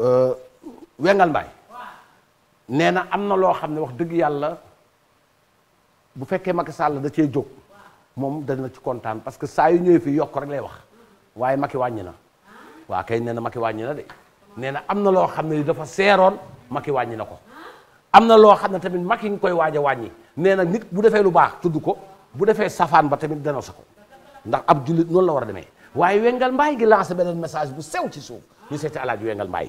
Euh, wengal mbaay nee na am na loo xam ne wax dëgg yàlla bu fekkee Macky Sall da cee jóg moom dana ci kontaan parce que saa yu ñëwee fii yokk rek lay wax waaye Macky wàññi na waa kay nee na Macky wàññi na de nee na am na loo xam ne dafa seeroon Macky wàññi na ko am na loo xam ne tamit Macky nga koy waaj a wàññi nee na nit bu defee lu baax tudd ko bu defee safaan ba tamit dana sa ko ndax ab jullit noonu la war a demee waaye wengal mbaay gi lancé beneen message bu sew ci suuf ñu seeti alaaji wengal mbaay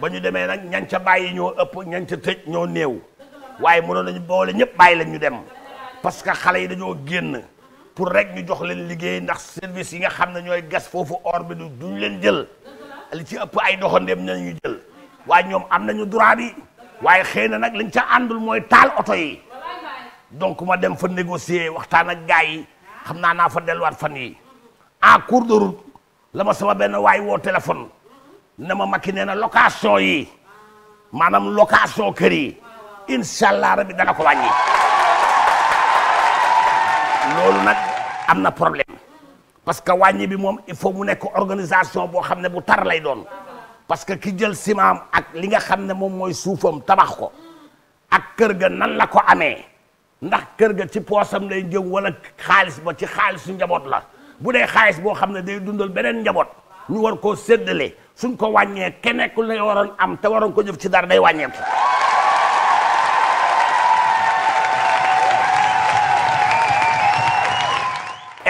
ba ñu demee nag ñan ca bàyyi ñoo ëpp ñan ca tëj ñoo néew waaye mënoon nañu boole ñëpp bàyyi la ñu dem parce que xale yi dañoo génn pour rek ñu jox leen liggéey ndax service yi nga xam ne ñooy gas foofu or bi duñ leen jël li ci ëpp ay doxandeem nañu jël waaye ñoom am nañu droit bi waaye xëy na nag lañ ca àndul mooy taal oto yi donc ma dem fa négocier waxtaan ak gars yi xam naa naa fa delluwaat fan yi ak cours de route la ma sama benn waay woo téléphone. na ma makki nee na location yi maanaam location kër yi incha allah rabbi dana ko wàññi loolu nag am na problème parce que wàññi bi moom il faut mu nekk organisation boo xam ne bu tar lay doon parce que ki jël simaam ak li nga xam ne moom mooy suufam tabax ko ak kër ga nan la ko amee ndax kër ga ci poosam lay jëw wala xaalis ba ci xaalisu njaboot la bu dee xaalis boo xam ne day dundal beneen njaboot ñu war koo séddale suñ ko wàññee keneen ku lay waron am te waron ko jëf ci dara day wàññeeku.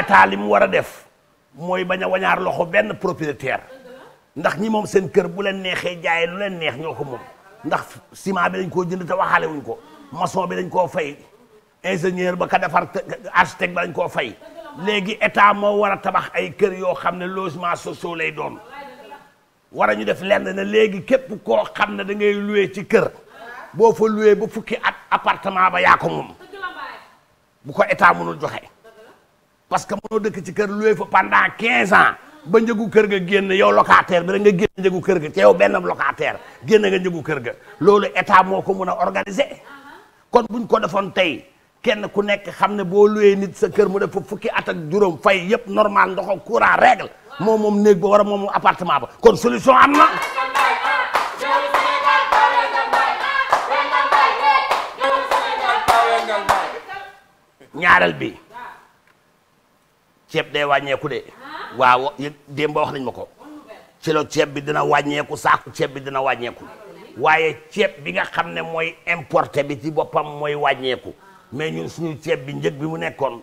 état li mu war def moy baña a wañaar loxo benn propriétaire ndax ñi mom seen kër bu leen nexé jaay lu leen nex ñoko mom ndax ciment bi dañ ko jënd te waxalé wuñ ko maçon bi dañ ko fay ingénieur ba ka defar architecte bañ ko fay légui état mo wara tabax ay kër yo xamné logement sociaux lay doon. war a ñu def lenn ne léegi képp koo xam ne da ngay loué ci kër boo fa loué ba fukki at appartement ba yaa ko moom bu ko état mënul joxe parce que mënoo dëkk ci kër loué fa pendant quinze ans ba njëgu kër ga génn yow locataire bi da nga génn njëgu kër ga te benn locataire génn nga njëgu kër ga loolu état moo ko mën a organiser uh-huh. kon buñ ko defoon tey kenn ku nekk xam ne boo loué nit sa kër mu def fa fukki at ak juróom fay yëpp normal ndox ak courant règle moom moom néeg ba war moom appartement ba kon solution am na. bi ceeb day wàññeeku de waaw démb ba nañ ma ko ci la ceeb bi dina wàññeeku saaku ceeb bi dina wàññeeku waaye ceeb bi nga xam ne mooy importe bi ci boppam mooy wàññeeku mais ñun suñu ceeb bi njëg bi mu nekkoon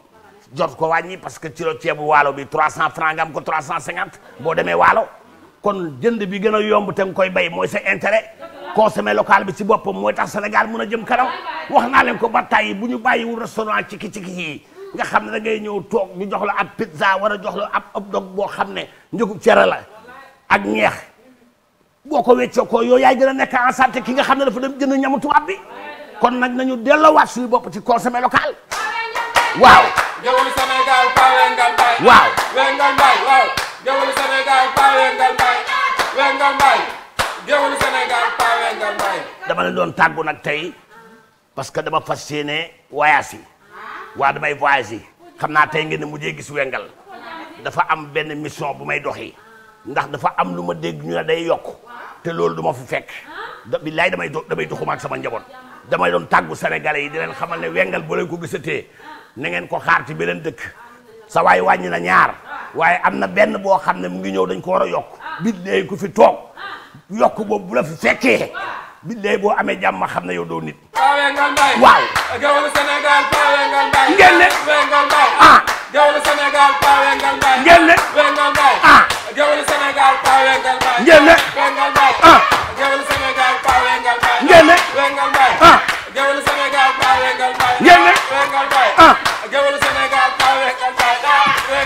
jot ko wàññi parce que kilo ceebu waalo bi 300 francs nga am ko 350 boo demee waalo kon jënd bi gën a yomb te nga koy bay mooy sa intérêt consommer local bi si boppam mooy tax Sénégal mun a jëm kanam wax naa leen ko ba tàyyi bu ñu bàyyi bàyyiwul restaurant ciki ciki yi nga xam ne da ngay ñëw toog ñu jox la ab pizza war a jox la ab ab dog boo xam ne njëgu cere la ak ñeex boo ko weccee ko yow yaay gën a nekk en santé ki nga xam ne dafa dem jënd ñamu tubaab bi kon nag nañu delloowaat suñu bopp ci consommer local. waaw. jëwul Wengal Mbaye. waaw dama la doon tàggu nag tey parce que dama fas yéene voyage yi waa damay voyage yi xam naa tey ngeen ne mujjee gis Wengal dafa am benn mission bu may doxi ndax dafa am lu ma dégg ñu ne day yokk te loolu du ma fu fekk da dama damay damay doxuma ak sama njaboot damay doon tàggu sénégalais yi di leen xamal ne Wengal boo ko gisatee na ngeen ko xaar ci beneen dëkk sa waay wàññi na ñaar waaye am na benn boo xam ne mu ngi ñëw dañ ko war a yokk billaay ku fi toog yokk boobu bu la fi fekkee billaay boo amee jàmm ma xam ne yow doo nit waaw ngeen ne ah ngeen ne